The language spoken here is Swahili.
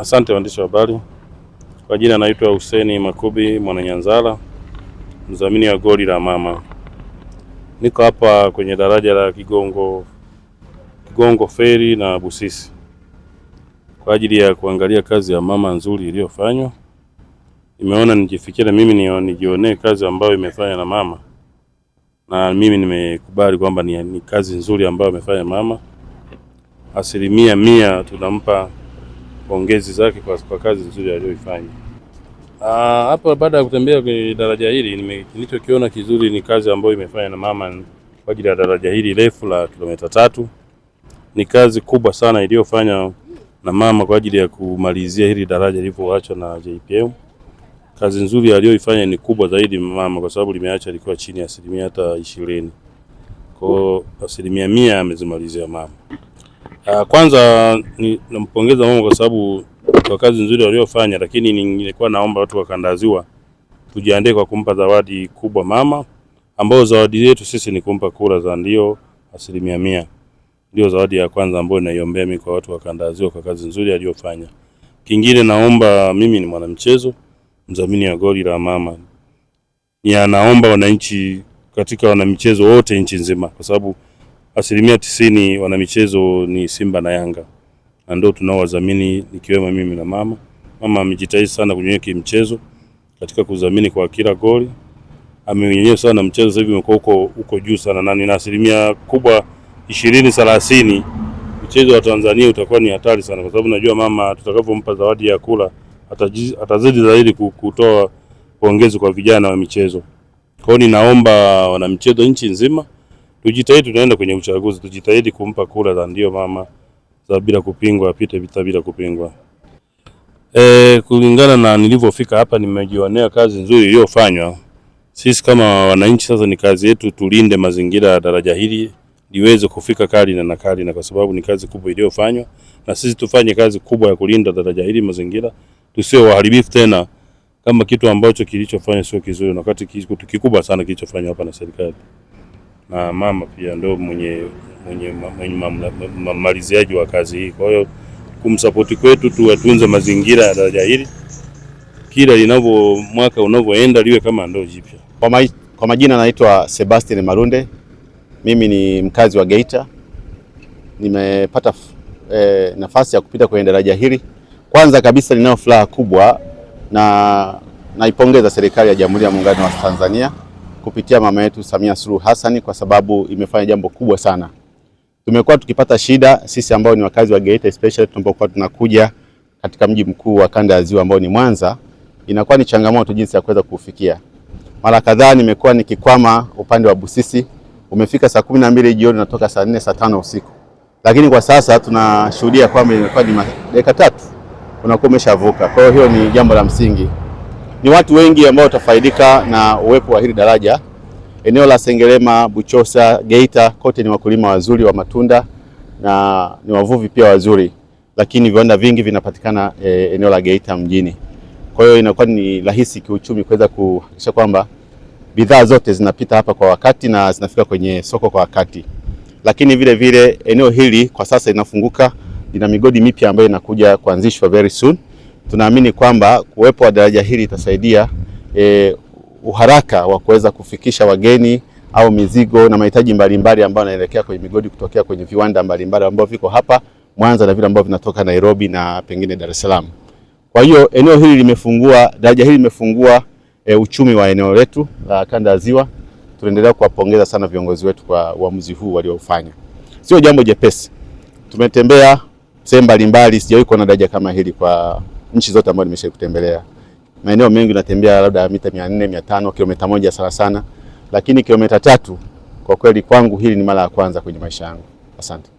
Asante waandishi wa habari. Kwa jina naitwa huseni Makubi Mwananyanzala, mdhamini wa goli la mama. Niko hapa kwenye daraja la Kigongo Kigongo Feri na Busisi kwa ajili ya kuangalia kazi ya mama nzuri iliyofanywa. Nimeona nijifikirie mimi nijionee kazi ambayo imefanywa na mama, na mimi nimekubali kwamba ni, ni kazi nzuri ambayo amefanya mama. Asilimia mia tunampa pongezi zake kwa, kwa kazi nzuri aliyoifanya. Ah, hapo. baada ya kutembea kwenye daraja hili, nilichokiona kizuri ni kazi ambayo imefanya na mama kwa ajili ya daraja hili refu la kilomita tatu. Ni kazi kubwa sana iliyofanya na mama kwa ajili ya kumalizia hili daraja lilivyoachwa na JPM. Kazi nzuri aliyoifanya ni kubwa zaidi mama, kwa sababu limeacha likuwa chini ya asilimia hata ishirini. Kwa hiyo asilimia mia amezimalizia mama. Ah, kwanza nampongeza Mungu kwa sababu kwa kazi nzuri waliofanya, lakini nilikuwa naomba watu wakandaziwa tujiandae kwa kumpa zawadi kubwa mama, ambayo zawadi yetu sisi ni kumpa kura za ndio asilimia mia. Ndio zawadi ya kwanza ambayo naiombea mimi kwa watu wakandaziwa kwa kazi nzuri aliyofanya. Kingine naomba, mimi ni mwanamchezo, mzamini wa goli la mama, ni anaomba wananchi katika wanamichezo wote nchi nzima kwa sababu asilimia tisini wanamichezo ni Simba na Yanga na ndio tunaowadhamini nikiwemo mimi na mama. Mama amejitahidi sana kunyonyea kimchezo katika kudhamini kwa kila goli amenyenyea sana mchezo. Sasa hivi umekuwa huko huko juu sana na nina asilimia kubwa ishirini thelathini mchezo wa Tanzania utakuwa ni hatari sana, kwa sababu najua mama tutakapompa zawadi ya kula atazidi zaidi kutoa pongezi kwa vijana wa michezo. Kwa hiyo ninaomba wanamichezo nchi nzima Tujitahidi, tunaenda kwenye uchaguzi, tujitahidi kumpa kura za ndio mama za bila kupingwa, apite vita bila kupingwa. E, kulingana na nilivyofika hapa nimejionea kazi nzuri iliyofanywa. Sisi kama wananchi sasa ni kazi yetu tulinde mazingira ya daraja hili liweze kufika kali na nakali, na kwa sababu ni kazi kubwa iliyofanywa, na sisi tufanye kazi kubwa ya kulinda daraja hili mazingira, tusio waharibifu tena kama kitu ambacho kilichofanywa sio kizuri, na wakati kitu kikubwa sana kilichofanywa hapa na serikali na mama pia ndo mwenye mwenye mmaliziaji wa kazi hii. Kwa hiyo kumsapoti kwetu tuwatunze mazingira ya daraja hili, kila linavyo mwaka unavyoenda liwe kama ndoo jipya. Kwa, ma, kwa majina naitwa Sebastian Marunde, mimi ni mkazi wa Geita. Nimepata e, nafasi ya kupita kwenye daraja hili. Kwanza kabisa ninayo furaha kubwa na naipongeza serikali ya Jamhuri ya Muungano wa Tanzania kupitia mama yetu Samia Suluhu Hassan kwa sababu imefanya jambo kubwa sana. Tumekuwa tukipata shida sisi ambao ni wakazi wa Geita especially tunapokuwa tunakuja katika mji mkuu wa kanda ya Ziwa ambao ni Mwanza, inakuwa ni changamoto jinsi ya kuweza kufikia. Mara kadhaa nimekuwa nikikwama upande wa Busisi, umefika saa kumi na mbili jioni natoka saa nne saa tano usiku, lakini kwa sasa tunashuhudia kwamba imekuwa ni dakika tatu unakuwa umeshavuka. Kwa hiyo hiyo ni jambo la msingi ni watu wengi ambao watafaidika na uwepo wa hili daraja. Eneo la Sengerema, Buchosa, Geita kote ni wakulima wazuri wa matunda na ni wavuvi pia wazuri, lakini viwanda vingi vinapatikana e, eneo la Geita mjini. Kwa hiyo inakuwa ni rahisi kiuchumi kuweza kuhakikisha kwamba bidhaa zote zinapita hapa kwa wakati na zinafika kwenye soko kwa wakati. Lakini vile vile eneo hili kwa sasa inafunguka, lina migodi mipya ambayo inakuja kuanzishwa very soon tunaamini kwamba kuwepo wa daraja hili itasaidia e, uharaka wa kuweza kufikisha wageni au mizigo na mahitaji mbalimbali ambayo yanaelekea kwenye migodi kutokea kwenye viwanda mbalimbali ambavyo viko hapa Mwanza na vile ambavyo vinatoka Nairobi na pengine Dar es Salaam. Kwa hiyo eneo hili limefungua, daraja hili limefungua e, uchumi wa eneo letu la kanda ya Ziwa. Tunaendelea kuwapongeza sana viongozi wetu kwa uamuzi huu waliofanya. Sio jambo jepesi. Tumetembea sehemu mbalimbali, sijawahi kuona daraja kama hili kwa nchi zote ambazo nimeshawahi kutembelea. Maeneo mengi natembea labda mita 400, 500, kilomita moja sana sana, lakini kilomita tatu kwa kweli kwangu hili ni mara ya kwanza kwenye maisha yangu. Asante.